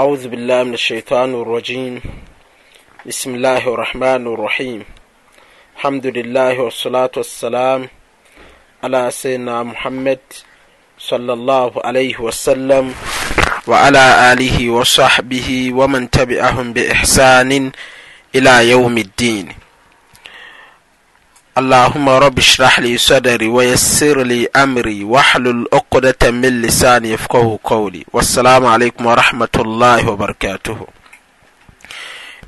أعوذ بالله من الشيطان الرجيم بسم الله الرحمن الرحيم الحمد لله والصلاة والسلام على سيدنا محمد صلى الله عليه وسلم وعلى آله وصحبه ومن تبعهم بإحسان إلى يوم الدين allahuma rbsrl sda wyasirm whdaa misan fka kai wsaa lkm waamah wabarkath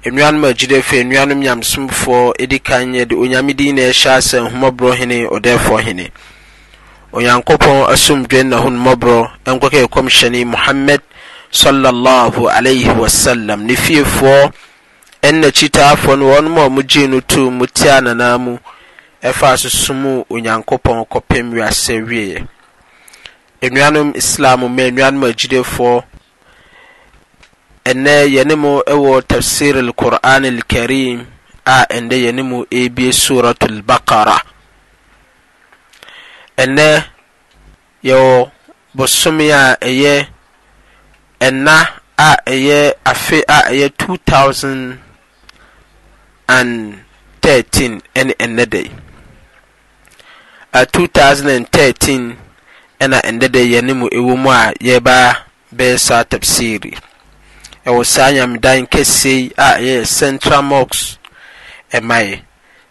nanum ajidfe nanum nyamsomfɔ dikan yɛde onyamedinasasɛhrɔhine dɛfɔ hin unyankupɔasomdnarkkksn muhamd wm nefie f nnacitafɔ nwɔnmmujin t mu tiananamu ɛfa sosom onyankopɔn kɔpem wiase wieɛ nnuanom islam ma nnuanom agyidefoɔ ɛnɛ yɛne mu ɛwɔ tafsir al-qur'an al-karim a ɛnɛ yɛne mu ebie suratul baqara ɛnɛ yɛwɔ bosome a ɛyɛ ɛna a ɛyɛ afe a ɛyɛ 2013 ɛne ɛnɛ dɛ a 2013 ɛna ɛndɛ dɛ yɛne mu ɛwɔ mu a yɛba bɛyɛ saa tafsiri ɛwɔ saa nyamedan kɛseɛ yi a ɛyɛ central mox ɛmayɛ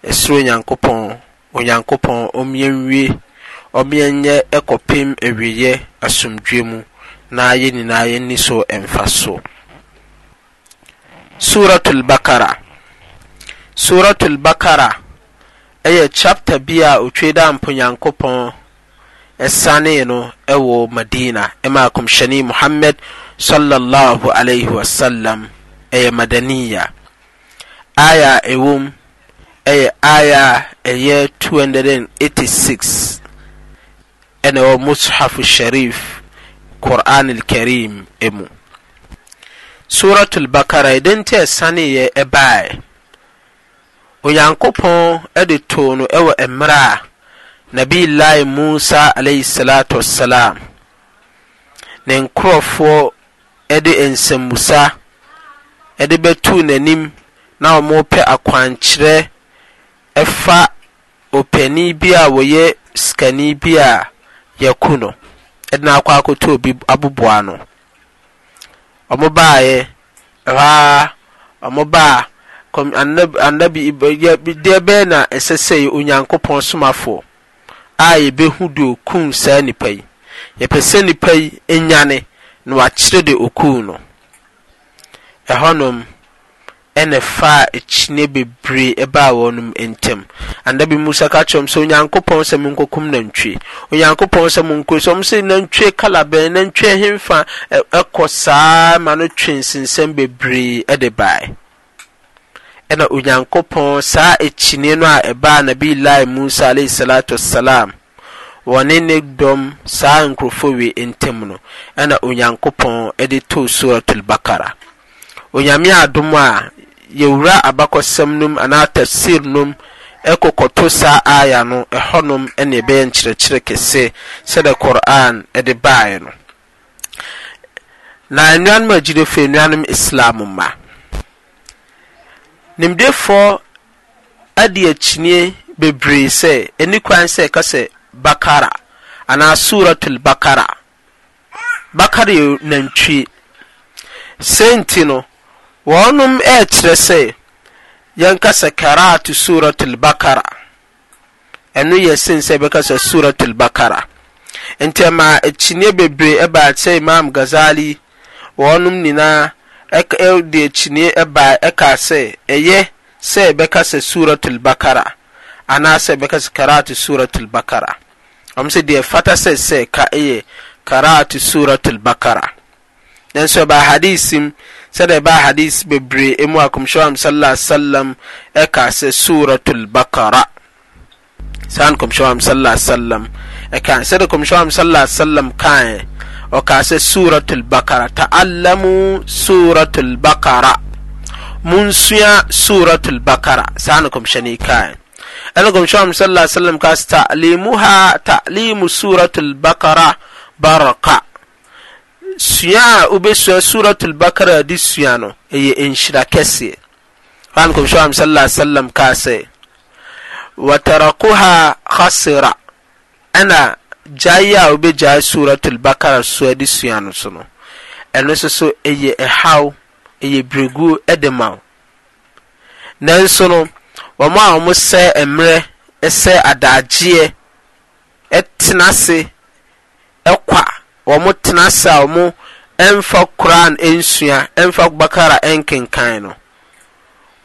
ɛsoro nyankopɔn onyankopɔn ɔmmeɛnwie ɔmmeɛnyɛ ɛkɔpem awieɛ asomdwe mu na yɛ nyinaa ni so ɛmfa so suratul bakara suratul bakara ɛyɛ chapte bia twe daan punyankopɔn sane no wɔ madiina maa kmshɛnii muhamed wsm yɛ madania aya wom yɛ ya yɛ 286 nɛ wɔ mushaf harif quran alkarim mu srtbakara dent asae ba onyankopɔn de too no wɔ mmerɛ a lai musa alayhi salatu wassalam ne nkurɔfoɔ de nsamusa de bɛtuu n'anim na wɔrepɛ akwankyerɛ ɛfa opani bi a wɔyɛ sikani bi a yɛku no ɛde no akɔ akɔtɔ obi aboboa no ɔmo baeɛ ɛhɔ ara ɔmo annabi deɛ bɛɛ na ɛsɛ sɛ yɛ onyankopɔn somafoɔ a yɛbɛhu de okuu saa nipa yi yɛpɛ sɛ nipa yi nyane na wakyerɛ de okuu no ɛhɔnom ɛna fa akyine bebree ɛbaa wɔnom ntam annabi musa ka kyerɛm sɛ onyankopɔn sɛ monkɔkum nantwie onyankopɔn sɛ monkɔ sɛ ɔm sɛ nantwie kala bɛn nantwie hemfa ɛkɔ saa ma no twe nsensɛm bebree ɛde baeɛ ɛna onyankopɔn saa a kyine nu a ɛbaa nabiilahi musa alaehi salatu wassalam wɔne nedom saa nkorofowii n tem no ɛna o nyankopɔn de to surataalbakara onyame adom a yawura abakɔ sɛm nom anaa tafsir nom ɛkɔkɔto saa aaya no ɛhɔ nom ɛne bɛyɛnkyerɛkyerɛ kɛse sɛdɛ kuran de ba ɛ no nimdefoɔ adi akyinie bebree sɛ ani kwan sɛ ɛka sɛ bakara anaa suratul bakara bakara yɛ nantwie senti no wɔnom ɛɛkyerɛ sɛ yɛnka sɛ karaatu suratul bakara ɛno yɛ sen sɛ bɛka sɛ suratul bakara nti ɛma akyinie bebree ɛbaa sɛ imam gazali wɔnom nyinaa deatine ba ɛkasɛ yɛ sɛ bkasɛ suratlbakara anasɛkas karat suratlbakara msɛdea fatasɛs ka y karat suratlbakara nsba hadicm sɛde ba hadic bbre mu a kumswam salla salam kasɛ suratlbakara sn ksm s lmksɛdekumswam sa salam ka وكاسه سوره البقره تعلموا سوره البقره منسيا سوره البقره سانكم شنيكا انكم شوم صلى الله عليه وسلم كاس تعليمها تعليم سوره البقره بركة سيا وبس سورة البقرة دي سيانو هي انشرا كسي فانكم شو صلى الله عليه وسلم كاسي وتركوها خسرة انا gyae a wobɛgyae suratul bakara so ade sua no so no ɛno nso so ɛyɛ ɛhaw ɛyɛ biregu ɛde ma wo nanso no wɔn a wɔn sɛ mmerɛ ɛsɛ adagyeɛ ɛtena ase ɛkwa wɔn tena ase a wɔn ɛmfa koran ɛnsua ɛmfa bakara ɛnkenkan no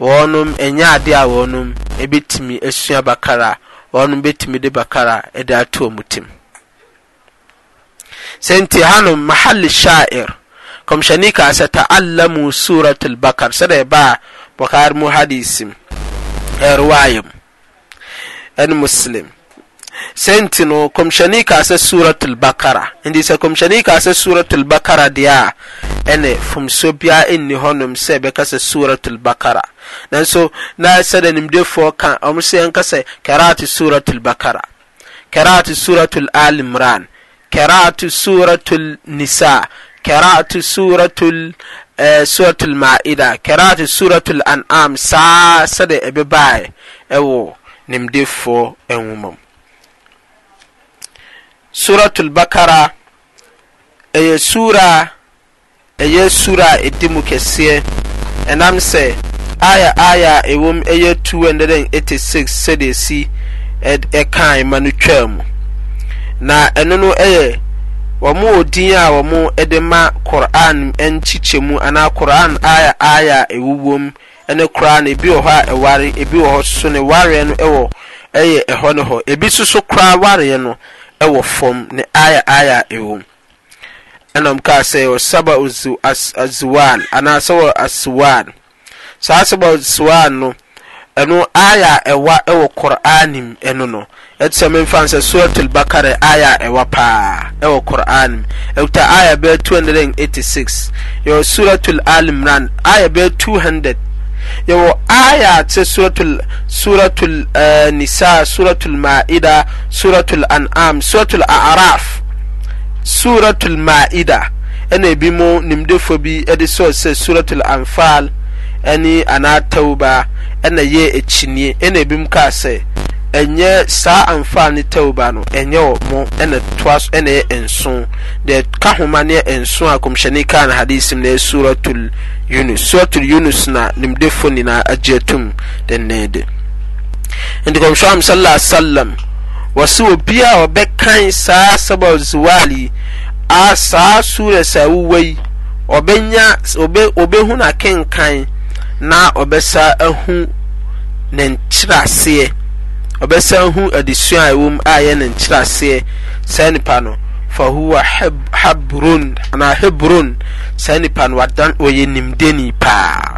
wɔnom ɛnyɛ ade a wɔnom ɛbɛtumi ɛsua bakara wɔnom bɛtumi de bakara ɛde ato wɔn tim. sɛ nti hanom mahal sha'ir kɔmhyɛni kaa sɛ ta'allamu surat al-bakar sɛdeɛ ɛbaa bɔkaar mu hadis mu ɛrewayɛ mu ɛne muslim sɛ nti no kɔmhyɛni kaa sɛ surat al-bakara nti sɛ kɔmhyɛni kaa sɛ surat al-bakara deɛ a ɛne fomso biara nni hɔnom sɛ ɛbɛka sɛ surat al-bakara nanso na sɛdeɛ nimdefoɔ ka ɔmo sɛ ɛnka sɛ karaate surat al-bakara karaate surat al-al imran kirat suratlnisa kirat suratl maida kirat suratu al anam saa sɛde abe baɛ wɔ nimde f woma m suratu lbakara aye suura ye sura edimu kesie anamsɛ aya aya ewom yɛ286 sedeci ka manu twɛmu na ɛno no ɛyɛ wɔ mo ɔ dinya a wɔ mo de ma qoran ntyikyɛmu ana qoran aya aya ɛwɔwom ɛne kran bi wɔ hɔ a ɛware bi wɔ hɔ soso ne wareɛ no yɛ ɛhɔ ne hɔ ebi soso kora wareɛ no ɛwɔ fom ne aya aya ɛwo ɛnɔm ka sɛsabazuwa anasɛb asuwan sasɛbasuwa no ɛno aya ewa ɛwa ɛwɔ qur'anim ɛno no ɛte sɛ memfa nsɛ suratul bakara aya a ɛwa paa ɛwɔ qur'anim ɛkuta aya bɛyɛ 286 yɛwɔ suratul al imran aya bɛyɛ 200 yɛwɔ aya te suratul suratul uh, nisa suratul ma'ida suratul an'am suratul a'raf suratul ma'ida ɛna ebi mu ediso bi ɛde sɛ sɛ anfal ɛne anaa tauba ɛna yɛ akyinie ɛna ebinom kaa sɛ ɛnyɛ saa amfa ne tawba no ɛnyɛ wɔ mo ɛna toa so ɛna yɛ nson deɛ ka homa ne yɛ nson a kɔmhyɛne kaa na hadisi mu na yɛ suratul yunus suratul yunus na nimdefo nyinaa agye atum dɛnnɛɛde nti kɔmhyɛ am sallallahu alaihi wasallam wɔsi obi a ɔbɛkan saa sɛbɔ ziwali a saa suresa saa yi ɔbɛnya ɔbɛ ɔbɛhu na kenkan. nɔbɛsa ahu ne nkyerɛ aseɛ ɔbɛsa hu adesuaawom ayɛ ne nkyerɛ seɛ saa nipa no fa howa hbrunana hbrun saanpanyɛ nimdeni paain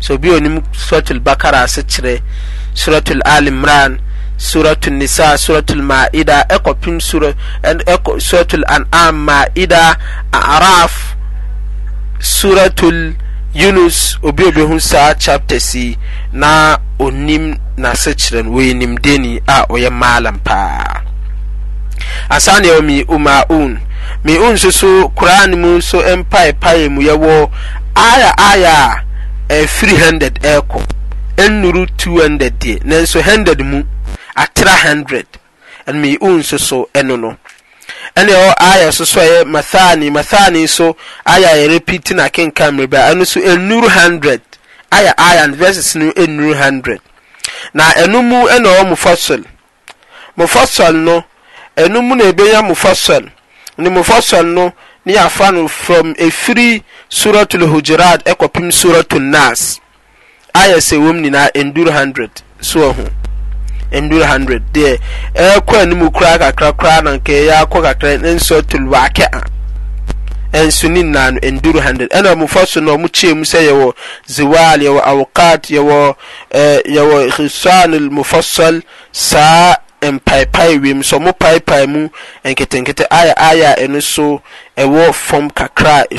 surat l bakara se kyerɛ suratlalmran suratnisa suratl maida ɛɔpsuratlanam maida araf yunus obi obi ho saa chapters yi na onim n'asɛkyerɛ no wɔyɛ nimdeni a ɔyɛ maalam paa asaa na ɛwɔ mi umaun mi un nso so koraa ne mu nso mpaepae mu yɛwɔ aya aya a ɛfiri hundred ɛɛkɔ ɛnnuru two hundred deɛ nanso hundred mu atra hundred ɛnmi un nso so ɛno no ɛna ɛwɔ aya so so ɛyɛ mathani mathani so aya yɛ repeat na kenka mmerɛbɛ ɛno so enuru hundred aya aya verses no enuru hundred na ɛno mu ɛna ɛwɔ mufasol mufasol no ɛno mu na ya mufasol ne mufasol no ne yɛafa no from efiri suratul hujurat ɛkɔpem suratul nas aya sɛ wɔm nyinaa enduru hundred so ɛho. nduru 100 deɛ ɛrekɔ anim koraa kakra koraa na nka ɛyɛ akɔ kakra nso tuluwaake a nso ne nnaa no nduru 100 ɛna ɔmofa so na ɔmo kyee mu sɛ yɛwɔ ziwal yɛwɔ awokat yɛwɔ ɛɛ yɛwɔ hisan mufassal saa mpaepae wiem so ɔmo paepae mu nketenkete ayɛ ayɛ a ɛno so ɛwɔ fam kakra a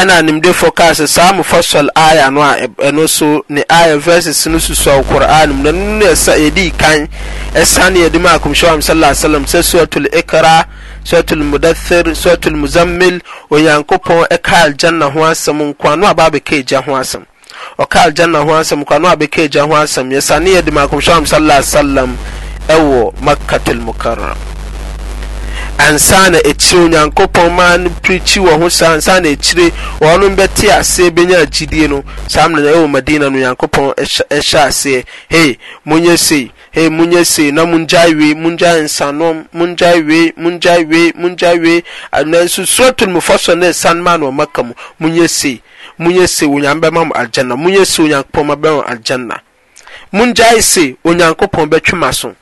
ɛna nimdefoɔ kaa sɛ saa sɔl aya no a ɛno so ne aya verses no susu a qur'an mu no no ɛsa yɛdi kan ɛsane yɛde ma akomhyɛ wa sallallahu alaihi wasallam sɛ suratul ikra suratul mudaththir suratul muzammil onyankopɔn ɛka aljanna ho asɛm nko a no aba abɛka gya ho asɛm ɔka aljanna ho asɛm nko a no abɛka gya ho asɛm yɛsane yɛde ma akomhyɛ wa sallallahu alaihi wasallam ɛwɔ makkatul mukarram ansa na akyire onyankopɔn maa no pirikyi wɔ ho saa ansa na akyire wɔn bɛte aseɛ bɛnya agyidie no saa mmerɛ ɛwɔ madina no onyankopɔn ɛhyɛ aseɛ hei monyɛ sei hei monyɛ sei na mongyae wei mongyae nsanom mongyae wei mongyae wei mongyae wei nanso suratul mufasɔ ne san maa na ɔmaka mu monyɛ sei monyɛ sei onyame bɛma mo agyanna monyɛ sei onyankopɔn ma bɛma mo agyanna mongyae sei onyankopɔn bɛtwe ma so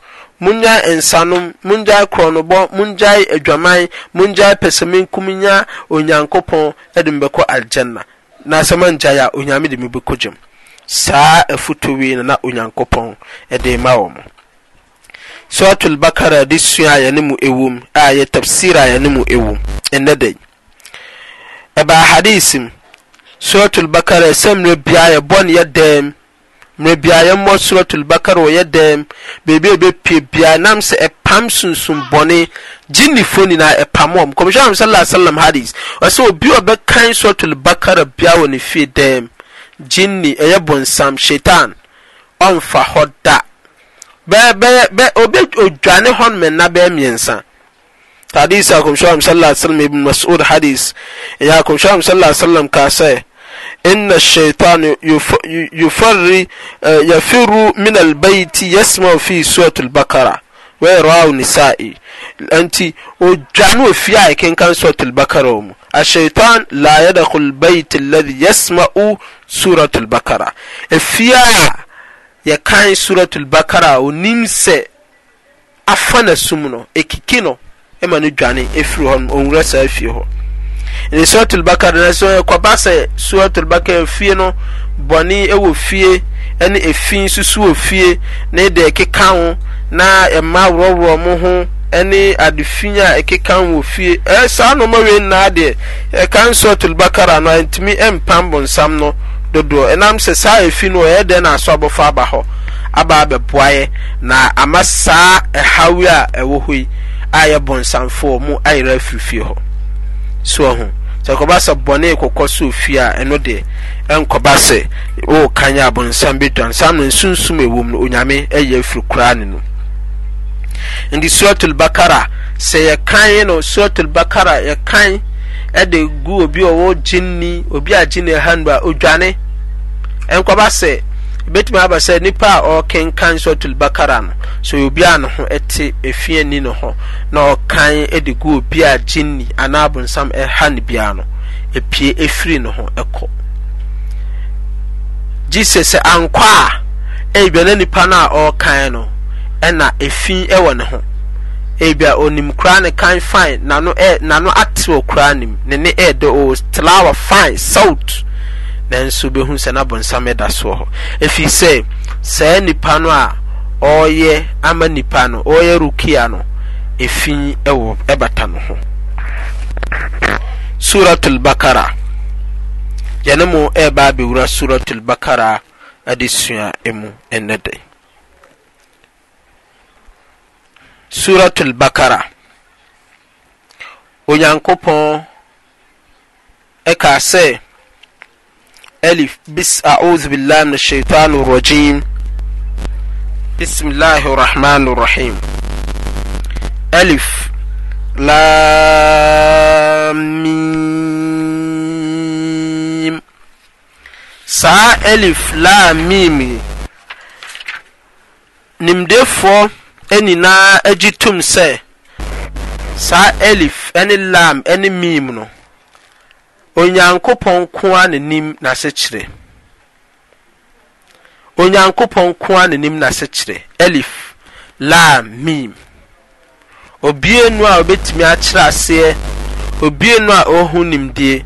monnya nsanom mongyae korɔnɔbɔ mongyae adwaman mongyae pɛsaminkumnya onyankopɔn dem bɛkɔ alganna na sɛmangyae a onyame dime biko gem saa afutowii nana onyankopɔn ɛdei ma wɔm soratlbakara de su ayɛ ne mu wm a yɛ tabsir ayɛ ne mu wm nd baadesim soratlbakara samr bia ybɔney dm mmerɛ biara yɛmmɔ suratul bakara wɔyɛ dɛm beebi a ɛbɛpie biara nam sɛ ɛpam sunsun bɔne gyinnifoɔ nyinaa ɛpam wɔn kɔmhyɛn ahom sallallahu alaihi wa sallam hadis ɔsɛ obi a ɔbɛkan suratul bakara biara wɔ ne fie dɛm gyinni ɛyɛ bɔnsam shaitan ɔnfa hɔ da bɛɛ bɛɛ bɛ obi odwane hɔ nom nna bɛɛ mmiɛnsa hadis a kɔmhyɛn ahom sallallahu alaihi wa sallam hadis ɛyɛ kɔmhyɛn ahom sallallahu alaihi wa kaa sɛ إن الشيطان يفر آه، يفر من البيت يسمع في سورة البقرة ويراه نسائي أنت وجعلوا في آية كان كان سورة البقرة الشيطان لا يدخل البيت الذي يسمع سورة البقرة فيها آية كان سورة البقرة ونمسى أفنى سمنو إككينو إما نجاني إفرهم أمرسا فيه ne suratul bakara na sɛ kɔba sɛ suratul bakara fie no bɔne ɛwɔ fie ɛne efi nsusu wɔ fie ne deɛ ɛkeka ho na ɛma worɔworɔ mo ho ɛne adefin a ɛkeka ho wɔ fie ɛɛ saa nneɛma wei nyinaa deɛ ɛka suratul bakara no ɛntumi ɛmpam bonsam no dodoɔ ɛnam sɛ saa efi no ɛyɛ dɛ na aso abɔfra aba hɔ aba abɛboayɛ na ama saa ɛhawe a ɛwɔ hɔ yi a yɛ bɔnsamfoɔ mu ayerɛ afiri fie hɔ soɔ ho sɛ kɔba sɛ bɔne kɔkɔ so fie a ɛno deɛ ɛnkɔba sɛ wɔwɔ kan yɛ abonsam bi dɔn saa no nsunsum ɛwɔ mu no onyame ɛyɛ afiri koraa ne no nti suratul bakara sɛ yɛkan no suratul bakara yɛkan ɛde gu obi ɔwɔ gyinni obi a gyinni handba odwane ɛnkɔba sɛ bɛtumi aba sɛ nipa a ɔrekenkan suratul bakara no so obi a ne ho te efiani ne ho na ɔkan de gu obi a gyinni anaa abonsam ɛha ne bia no epie efiri ne ho ɛkɔ gyesɛ sɛ ankɔ a ebia na nipa no a ɔrekan no ɛna efi ɛwɔ ne ho ebia onim kura ne kan fine nano ɛ nano ate koraa nim ne ne ɛɛdɛ o tilawa fine salt. nanso bɛhu sɛ n'abonsam ɛda soɔ hɔ ɛfiri sɛ saa nipa no a ɔreyɛ ama nipa no ɔreyɛ rukia no efi ɛwɔ ɛbata no ho suratul bakara yɛne mo ɛreba abɛwura suratul bakara adesua mu ɛnɛ dɛ suratul bakara onyankopɔn ɛkaa sɛ ألف بس أعوذ بالله من الشيطان الرجيم بسم الله الرحمن الرحيم ألف لام ميم saa elif laa miimi nimdefoɔ nyinaa agye tom sɛ saa elif ne lam ne miim no onyankopɔn ko a n'anim n'asekyerɛ onyankopɔn ko a n'anim n'asekyerɛ elif lam miim obie nu a obetumi akyerɛ aseɛ obie nu a ɔho nimdie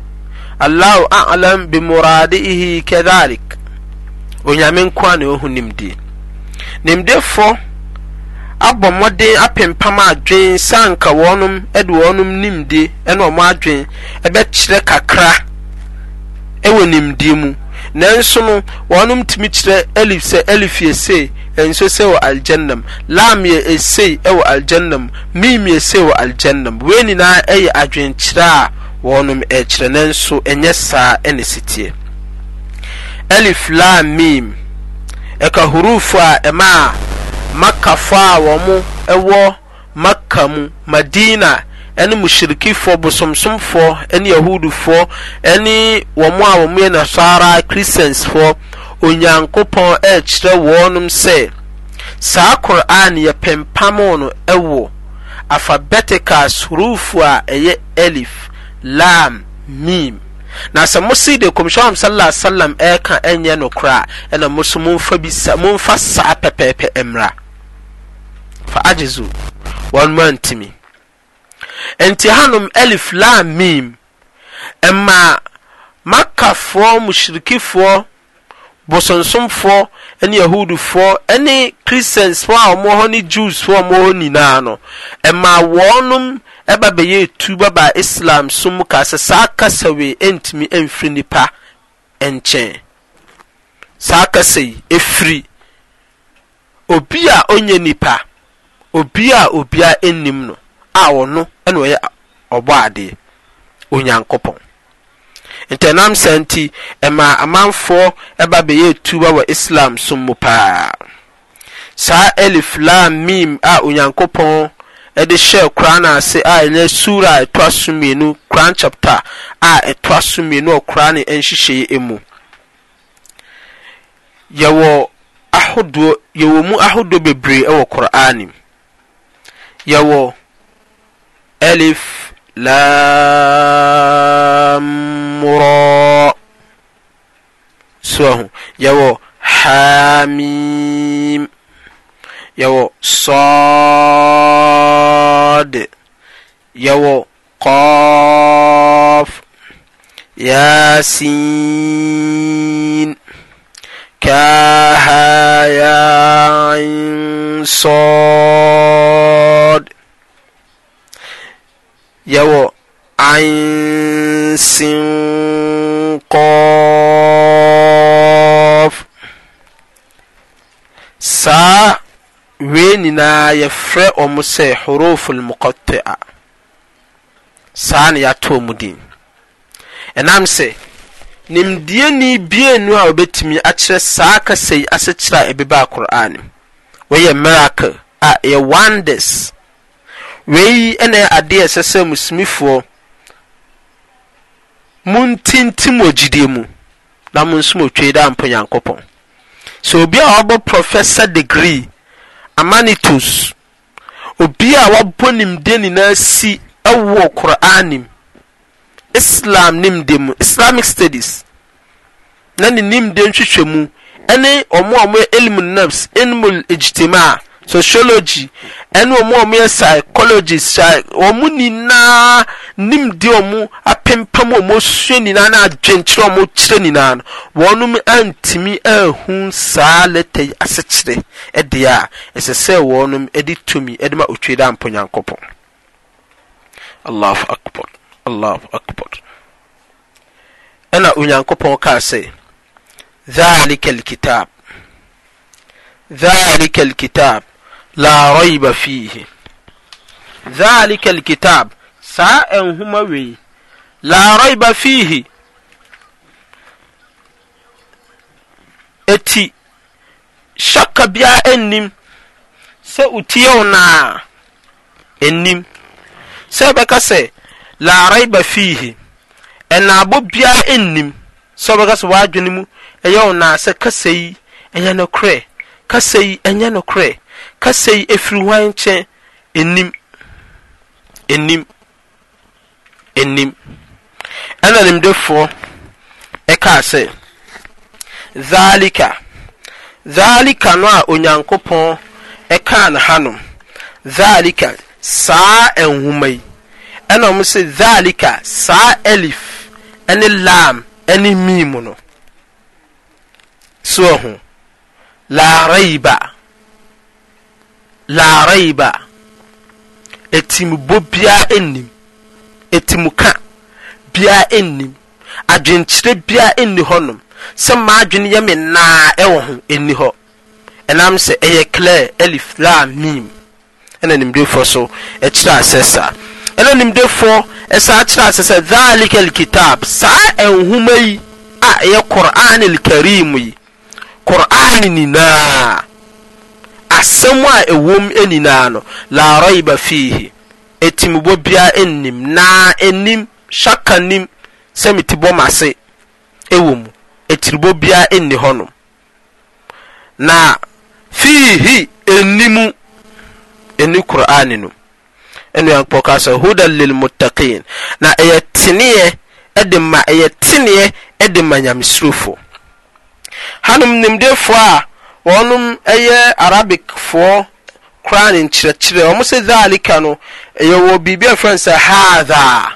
allahu a'lam bi muradihi kadhalik onyame nko a na ɔho nimdie nimdefoɔ abɔ mmɔden apempam adwen sanka wɔnom de wɔnom nimdi ne wɔn adwen bɛkyerɛ kakra wɔ nimdi mu nanso no wɔnom tumi kyerɛ elif sɛ elif yɛ sei nso sɛ wɔ aljannam lam yɛ se wɔ aljannam mim yɛ sei wɔ aljannam wei nyinaa yɛ adwenkyerɛ a wɔnom ɛkyerɛ nanso ɛnyɛ saa ɛna siteɛ elif lam mim ɛka hurufo a ɛmaa makafo a wɔn wɔ maka mu madina ne mushirikifoɔ bosomsomfoɔ ne yahudufoɔ ne wɔn a wɔn yɛ nasara christiansfoɔ onyankopɔn ɛrekyerɛ wɔnom sɛ saa koran yɛpempam no wɔ alphabeticals ruufu a ɛyɛ elif lam mim na sɛ mose de kɔmhyɛn sallallahu alaihi wasallam ɛka ɛnyɛ no kora ɛna mo so momfa bi sa momfa saa pɛpɛɛpɛ mmra fa agyezu wɔn mu antimi nti hanom elif lam mim ɛma makafoɔ mushrikifoɔ bosonsomfoɔ ne yahudufoɔ ne christiansfoɔ a wɔwɔ hɔ ne jewsfoɔ a wɔwɔ hɔ nyinaa no ɛma wɔnom ɛba bɛyɛ etu baba islam so mu ka sɛ saa kasa wei ntumi mfiri nipa nkyɛn saa kasa yi efiri obi a onye nipa obi a obi a nnim no a ɔno ɛna ɔyɛ ɔbɔ adeɛ onyankopɔn ntɛnam sɛn ti ɛma amanfoɔ ɛba bɛyɛ etu wɔ islam so mu paa saa elif lam mim a onyankopɔn ɛde hyɛ koran ase a ah, ɛyɛ sura a ɛtoa so mmienu koran chapter a ah, ɛtoa so mmienu ɔkora ne nhyehyɛe mu yɛwɔ ahodoɔ yɛwɔ mu ahodoɔ bebree ɛwɔ koran yɛwɔ elif lamrɔ so ɛho yɛwɔ hamim يو صاد يو قاف ياسين كاها يا عين صاد nyinaa yɛfrɛ ɔmo sɛ horoful muqatta'a saa na yɛato ɔmo din ɛnam sɛ nimdeɛni bienu a wɔbɛtumi akyerɛ saa kasa yi asekyerɛ a ɛbɛba akor'an wɔyɛ miracle a ɛyɛ wonders wei ɛna adeɛ ɛsɛ sɛ musumifoɔ muntintim wɔ gyidie mu na mo nso mo twei da mpo nyankopɔn so obi a ɔbɔ professor degree amanitus obi a wabɔ nimde nyinaa si ɛwɔ qur'anim islam nimde mu islamic studies na ne nimde nhwehwɛ mu ɛne ɔmo a ɔmo yɛ ilmu nafs ilmu ijtimaa sociology ɛne wɔn a wɔyɛ psychologist wɔn nyinaa nimdeɛ wɔn apempam wɔn asua nyinaa na adwenkyerɛ wɔn kyerɛ nyinaa no wɔn antumi ahu saa leta yi asekyerɛ ɛdeɛ a ɛsɛ sɛ wɔn de tumi de ma otwe da mpo nyankopɔn allahu akbar allahu akbar ɛna kaa sɛ la raiba fihi dhalika alkitab saa ɛnhoma wei la raiba fihi eti shakka bia ɛnnim sɛ wotie wo naa ɛnnim sɛ bɛka sɛ la raiba fihi ɛnaabɔ biara ɛnnim sɛ wobɛka sɛ w'adwene mu ɛyɛ wo naa sɛ kasa yi ɛnyɛ nokorɛ kasa yi ɛnyɛ kasa yi efiri wɔn nkyɛn enim enim enim ɛna nimdefoɔ ɛkaa sɛ zaalika zaalika no a onyankopɔn ɛkaa na hanom zaalika saa nhoma yi ɛna wɔn sɛ zaalika saa elif ɛne lam ɛne miimu no soɔ ho laaraiba laaraiba etimbo biara enim, etimuka biara enim, adwenkyerɛ biara nni hɔnom sɛ maa adwene yɛ me naa ɛwɔ ho nni hɔ ɛnam sɛ ɛyɛ clear elif la mim ɛna nimdefoɔ so ɛkyerɛ asɛ saa ɛna nimdefoɔ ɛsaa kyerɛ asɛ sɛ dhalika alkitab saa ɛnhoma yi a ɛyɛ qur'an alkarim yi qur'an nyinaa asɛm a ɛwom nyinaa no la raiba fihi ɛtimubɔ biara ɛnnim naa ɛnim shaka nim sɛ metibɔ m ase ɛwɔ mu ɛtiribɔ biara ɛnni hɔnom na fiihi ɛnimu ɛni qur'ani no ɛnu yɛn kpɔ kasa huda na ɛyɛ teneɛ ɛde ma ɛyɛ teneɛ ɛde ma nyamesurofo hanom nimdefoɔ a wɔnom ɛyɛ arabicfoɔ koraa ne nkyerɛkyerɛ wɔn sɛ zaalika no ɛyɛ wɔ biribi a fɛn sɛ haadha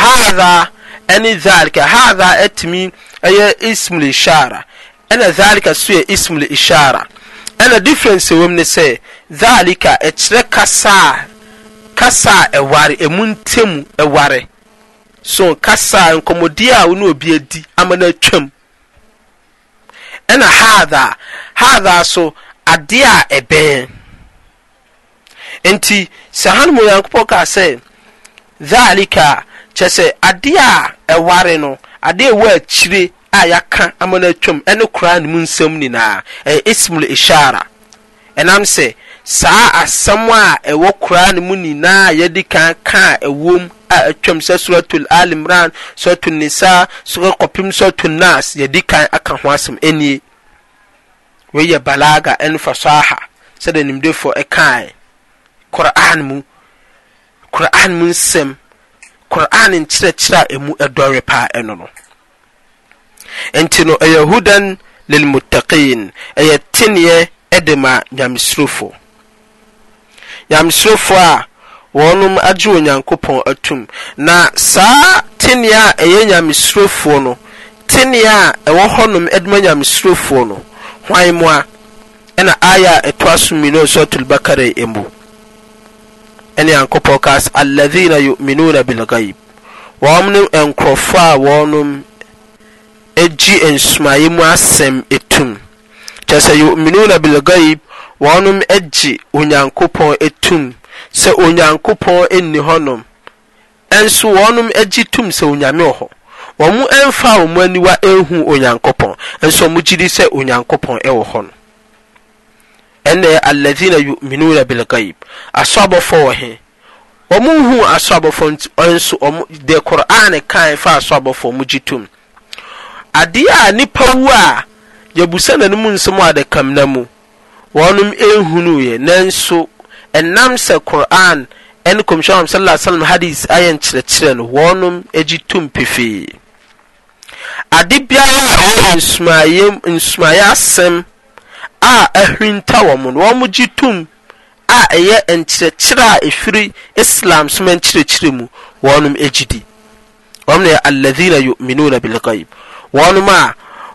haadha ɛne zaalika haadha ɛtumi ɛyɛ ismul ishara ɛna zaalika so yɛ ismul ishara ɛna difference wɔm ne sɛ zaalika ɛkyerɛ kasa kasa a ɛware ɛmu ntɛmu ɛware so kasa nkɔmmɔdi a wɔn obi adi ama no atwam ɛna haadha haadha so adeɛ a ɛbɛn nti sɛ hanom onyankopɔn kaa sɛ dhalika kyɛ sɛ adeɛ a ɛware no adeɛ a ɛwɔ akyire a yɛaka ama no atwam ɛne koraa ne mu nsɛm nyinaa ɛyɛ ismul ishara ɛnam sɛ saa asɛm a ɛwɔ koraa ne mu nyinaa yɛdi kan kaa ɛwom a atwam sɛ suratul alimran imran suratul nisa sura kɔpem suratul nas yɛdi kan aka ho asɛm ɛnie wei yɛ balaga ɛne fasaha sɛde nimdefoɔ ɛkae qur'an mu qur'an mu nsɛm qur'an nkyerɛkyerɛ a ɛmu ɛdɔre paa ɛno no nti no ɛyɛ hudan lilmuttaqin ɛyɛ teneɛ ɛde ma nyamesurofo nyamesurofoɔ a wɔnom agye onyankopɔn atum na saa tenea a ɛyɛ nyamesurofoɔ no tenea a ɛwɔ hɔnom aduma nyamesurofoɔ no hwan mu a ɛna aya a ɛtoa so mmienu suratul bakara yi mu ɛne yankopɔn kaas alladhina yu'minuna bilghaib wɔn ne nkurɔfoɔ a wɔnom agye nsumaeɛ mu asɛm etum kyerɛ sɛ yu'minuna bilghaib wɔnom agye onyankopɔn etum sɛ onyankopɔn nni hɔnom ɛnso wɔnom agye tum sɛ onyame wɔ hɔ wɔn mfa wɔn aniwa ehu onyankopɔn nso wɔn gyi di sɛ onyankopɔn wɔ hɔ no ɛnna alladhina yu'minuna bil ghaib asɔbɔfo wɔ he wɔn nso wɔn de kan fa wɔn gyi tum adeɛ a nipa wu a nsɛm a na mu yɛ nanso ɛnam sɛ koran ɛne kominsyon am s salm hadis ayɛ nkyerɛkyerɛ no wɔnom gye tum pefee ade biara nsumaei asɛm a ahrinta wɔ mo no wɔ mo gye tum a ɛyɛ nkyerɛkyerɛ a ɛfiri islam somankyerɛkyirɛ mu wɔnom gyidi m neyɛ alaina yuminuuna bilgaib wɔnom a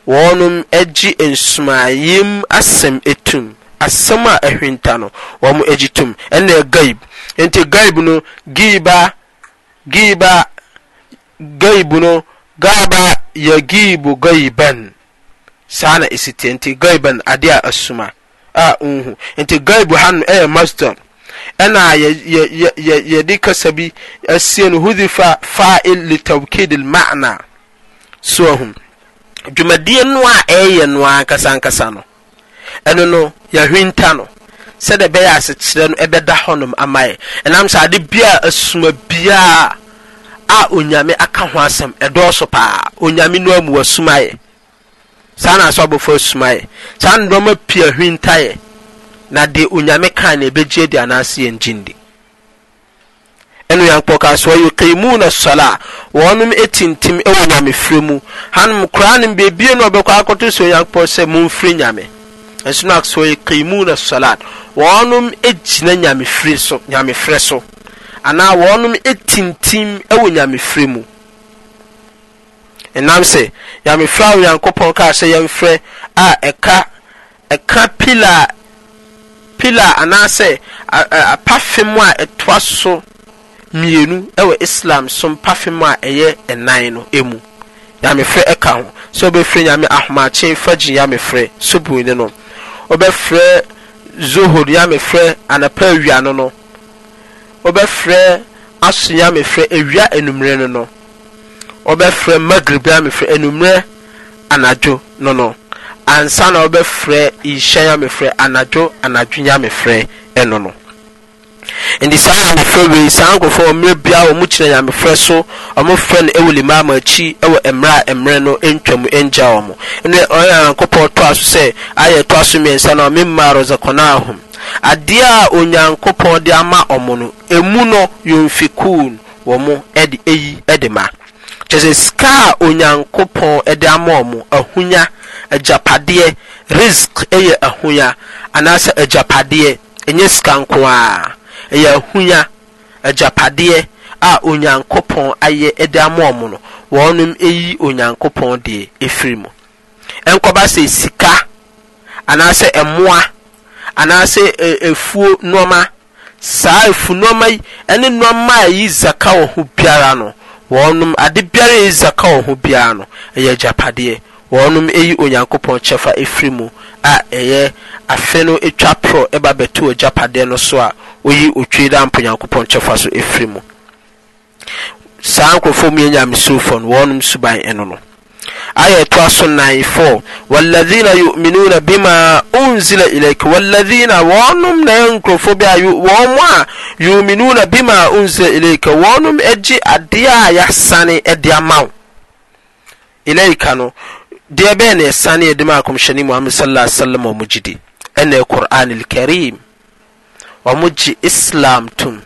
wɔnom gye nsumayim asɛm tum asɛm a ɛhwinta no wɔn agyi tom ɛna gaib nti gaib no giiba giiba gaib no gaaba yɛ giibu gaiban saa na esi tie nti gaiban adeɛ a asuma a nhu nti gaib ha no ɛyɛ master ɛna yɛde kasa bi asie no hudifa fa'il litawkid al-ma'na so ahum dwumadie no a ɛyɛ no ankasa ankasa no ɛno no yɛhwe nta no sɛdeɛ ɛbɛyɛ asekyerɛ no ɛbɛda hɔnom ama yɛ ɛnam sɛ ade bia asuma biaa a onyame aka ho asɛm ɛdɔɔso paa onyame no amu asumayɛ saa na so abɔfo asumayɛ saa nneɛma pii ahwe yɛ na de onyame kaa na ɛbɛgye di anaase yɛn gyindi ɛnu yankpɔ ka so yuqimu na sɔla wɔnom etintim ɛwɔ nyamefrɛ mu hanom koraa no beebie na ɔbɛkɔ akɔto so yankpɔ sɛ momfiri nyame ɛsono akso yɛ kaimuna salat wɔnom gyina nyamefiri so nyamefrɛ so anaa wɔnom tintim wɔ nyamefrɛ mu ɛnam sɛ nyamefrɛ a onyankopɔn kaa sɛ yɛmfrɛ a ɛka ɛka pila pila anaasɛ apafem a ɛtoa so mmienu ɛwɔ islam so mpafem a ɛyɛ ɛnan no ɛmu nyamefrɛ ɛka ho sɛ wobɛfrɛ nyame ahomakyen fagye nyamefrɛ so buini no wobɛfrɛ zohor ya mefrɛ anapa awia no no wobɛfrɛ aso ya mefrɛ awia anummerɛ no no wobɛfrɛ magrib ya mefrɛ anummerɛ anadwo no no ansa na wobɛfrɛ nhyɛn ya anadwo anadwo ya mefrɛ ɛno no ndị saa amefrɛ wee saa nkurɔfoɔ ɔmmerɛ biara ɔmo kyerɛ nyamefrɛ so no ɛwɔ mmerɛ oh, a mmerɛ no ntwam ngya ɔyɛ sɛ ayɛ mmiɛnsa na ɔmo mmaa a ama oh, no emu eyi eh, ma kyerɛ sika a onyankopɔn oh, ɛde ama ọmụ ahonya agyapadeɛ risk ɛyɛ ahonya anaasɛ agyapadeɛ ɛyɛ ahunya agyapadeɛ a onyankopɔn ayɛ de ama ɔmo no wɔnom ɛyi onyankopɔn deɛ ɛfiri mu ɛnkɔba sɛ sika anaasɛ ɛmmoa anaasɛ ɛfuo nneɛma saa ɛfu nneɛma yi ɛne nneɛma a ɛyi zaka wɔ ho biara no wɔnom ade biara a ɛyi zaka wɔ ho biara no ɛyɛ agyapadeɛ wɔnom ɛyi onyankopɔn kyɛfa ɛfiri mu a ɛyɛ afɛ no atwa prɔ ɛba bɛto agyapadeɛ no so a oyi otwe da mpa nyankopɔn kyɛfa so ɛfiri mu saa nkurɔfoɔ mu yɛ nyamesuofoɔ no wɔnom suban ɛno no aya ɛtoa so 94 walladhina yu'minuna bima unzila ilayka walladhina wɔnom na yɛ nkurɔfoɔ bi a wɔn mu a yu'minuna bima unzila ilayka wɔnom agye adeɛ a yɛasane ɛde ama wo ilayka no deɛ bɛɛ na ɛsane ɛde ma akɔmhyɛne muhammad sallallahu alaihi wasallam ɔmo gyidi ɛna ɛkur'an alkarim ɔmo gye islam tom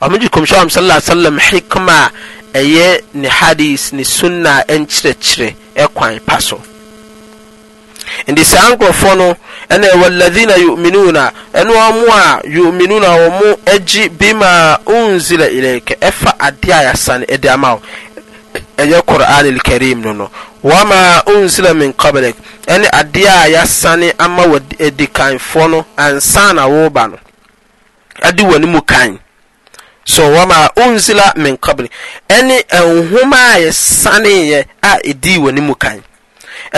ɔmo gye kɔmhyɛ ɔmo sallallahu alaihi wasallam hikma a ɛyɛ ne hadis ne sunna nkyerɛkyerɛ ɛkwan pa so nti saa nkurɔfoɔ no ɛna ɛwɔ ladina yuminuna ɛno ɔmo a yuminuna ɔmo agye bima unzila ilaika ɛfa adeɛ a yɛasane ɛde ama wo ɛyɛ qur'an alkarim no no wama unsila min qablik ɛne adeɛ a yɛasane ama wɔ adi no ansa na wɔreba no ade wani mu kan so wama unsila min qabli ɛne nhoma a yɛsaneeɛ a ɛdii wani mu kan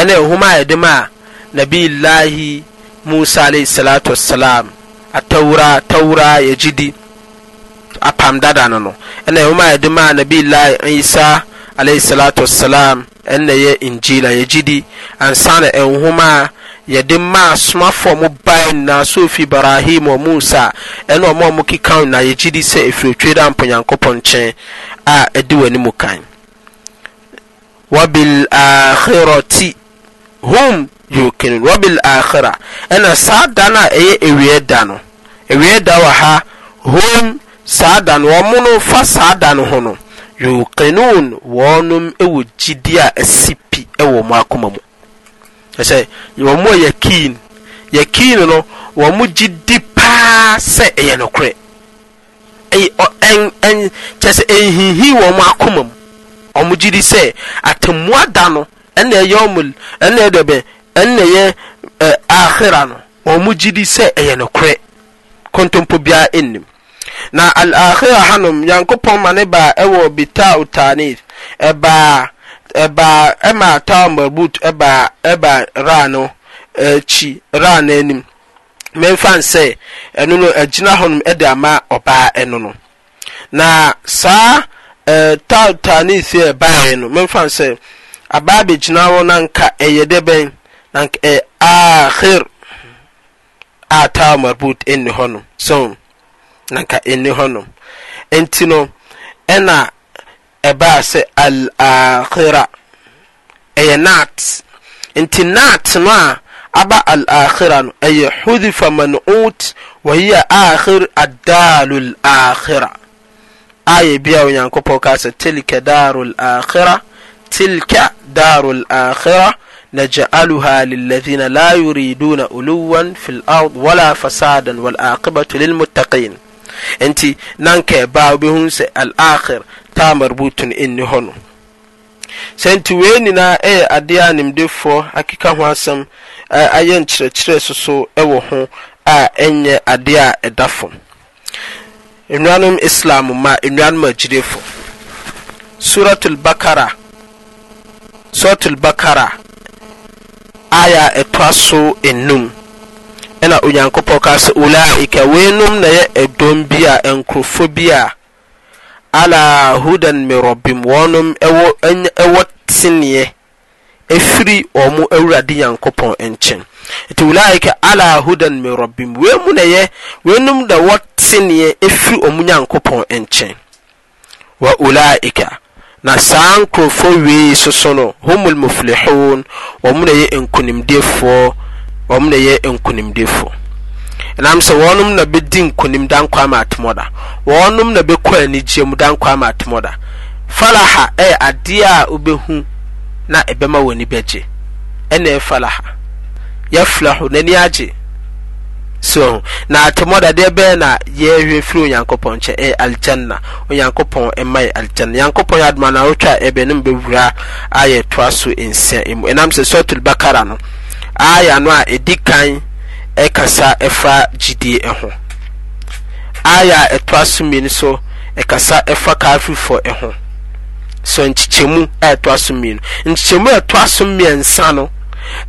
ɛne nhoma a yɛde ma nabiilahi musa alayhi salatu wasalam atawura tawura yɛgyidi apam dada no no ɛna nhoma a yɛde ma nabiilahi isa alayhi salatu wassalam ɛna yɛ injila yɛgyidi ansana nhoma a yɛde maa somafoɔ mo bae nyinaa so fi ibrahim wɔ musa ɛne ɔmo a mo keka nyinaa yɛgye di sɛ efiritwe da mponyankopɔn nkyɛn a ɛdi wɔn anim kan wabil akhirati hum yukin wabil akhira ɛna saa da no a ɛyɛ ewie da no ewie da wɔ ha hum saa da no wɔn no fa saa da no ho no yukinun wɔn wɔ gyidi a ɛsi pi ɛwɔ mo akoma mu ɛsɛ wɔn mo yɛ keen yɛ keen no wɔn mo gye di paa sɛ ɛyɛ nokorɛ ɛyɛ ɔ ɛn ɛn kyɛ sɛ ɛnhinhin wɔn mo akoma mu wɔn mo gye di sɛ atemua da no ɛna ɛyɛ ɔmo ɛna ɛdɛ bɛ ɛna ɛyɛ ɛ ahera no wɔn mo gye di sɛ ɛyɛ nokorɛ kontompo biara ɛnnim na al ahera hanom yankopɔn ma ne baa ɛwɔ bitaa otaanif ɛbaa. ɛbaa ɛma taw marbut ɛbaa ɛbaa raa no akyi raa no anim mmɛmfa nsɛ ɛno no agyina hɔnom ɛde ama ɔbaa ɛno no na saa ɛɛ taw taa ne nsi ɛbaeɛ no mmɛmfa nsɛ abaa bɛgyina hɔ nanka ɛyɛ dɛ bɛn nanka nka ɛɛ ahir a taw marbut ɛnni hɔnom so nanka nka ɛnni hɔnom nti no ɛna ɛbaa sɛ al-akhira ɛyɛ nat nti nat no a aba al-akhira no ɛyɛ hudifa man'ut wa hiya akhir ad-dalu aya bi a onyankopɔn ka tilka daru al tilka daru al-akhira نجعلها للذين لا يريدون علوا في الأرض ولا فسادا والعاقبة للمتقين أنت نانك باو بهم الآخر ta marubutun inni hono senti sɛ wei nyinaa ɛyɛ adeɛ a nimdefoɔ akeka ho asɛm ayɛ nkyerɛkyerɛ soso ɛwɔ ho a ɛnyɛ adeɛ a ɛda fam nnuanom islam ma nnuanom agyirefo suratul bakara suratul bakara aya ɛtoa so enum ɛna onyankopɔn ka sɛ ulaika weinum na yɛ ɛdɔm bi a nkurɔfoɔ bi a ala hudan min rabbim wɔnom ɛwɔ ɛwɔ teneɛ efiri wɔn awurade nyankopɔn nkyɛn nti wulaayika ala hudan min rabbim wɔn na yɛ wɔnom na wɔ teneɛ efiri wɔn nyankopɔn nkyɛn wa wulaayika na saa nkurɔfoɔ wei soso no humul muflihun wɔn na yɛ nkonimdiefoɔ wɔn na yɛ nkonimdiefoɔ ɛnam sɛ wɔnom na bɛdi nkonim da nkwa ama atomɔ wɔnom na bɛkɔ anigyeɛ mu da nkwa ama atomɔ falaha ɛyɛ e, adeɛ a wobɛhu na ɛbɛma w'ani bɛgye ɛna falaha yɛflahu n'ani agye so na atomɔ da deɛ bɛyɛ na yɛhwɛ firi onyankopɔn nkyɛn ɛyɛ e, aljanna onyankopɔn ɛma e yɛ aljanna nyankopɔn yɛ adoma na wotwa ɛbɛ ne mbɛwura ayɛ toa so nsia mu ɛnam sɛ sɔtul bakara no aya no a ɛdi kan ɛkasa ɛfa gyidie ɛho aya ɛtoa so mmienu so ɛkasa ɛfa kafirifo ɛho so nkyekyɛmu ɛtoa so mmienu nkyekyɛmu ɛtoa so mmiɛnsa no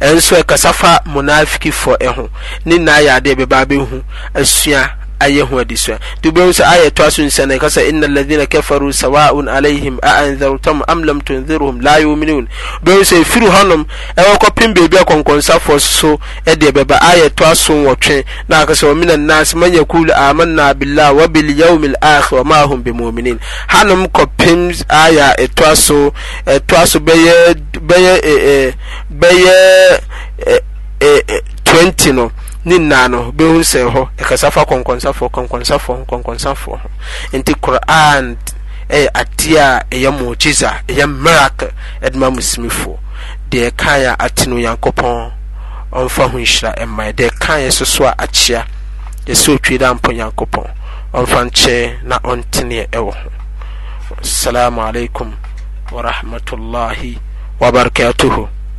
ɛnso ɛkasa fa monafikifo ɛho ne nyinaa yɛ adeɛ bɛba abɛhu asua ayɛ ho adi so a nti wobɛhu sɛ ayɛ toa so nsa no ɛka sɛ inna alladhina kafaru sawaun alaihim a anzartahum am lam tunzirhum la yuminun wobɛhu sɛ ɛfiri hɔnom ɛwɔ kɔpem baabi a kɔnkɔnsafoɔ so ɛde bɛba ayɛ toa so wɔtwe na aka sɛ ɔmina nnas man yakulu amanna billah wa bilyaumi alakhir wa ma bimuminin hanom kɔpem ayɛ a ɛtoa so ɛtoa so bɛyɛ bɛyɛ bɛyɛ 20 no ne nnaa no bɛhu sɛ hɔ ɛkasa fa kɔnkɔnsafoɔ kɔnkɔnsafoɔ kɔnkɔnsafoɔ ho nti quran ɛyɛ eh, adeɛ a ɛyɛ mogyiza ɛyɛ miracle ɛde ma musulmifoɔ deɛ kaeɛ a ate no onyankopɔn ɔmfa ho nhyira ɛma deɛ kaeɛ so so a akyea yɛsɛ otwi da mpo nyankopɔn ɔmfa nkyɛ na ɔnteneɛ ɛwɔ ho assalamu alaikum warahmatullahi wabarakatuhu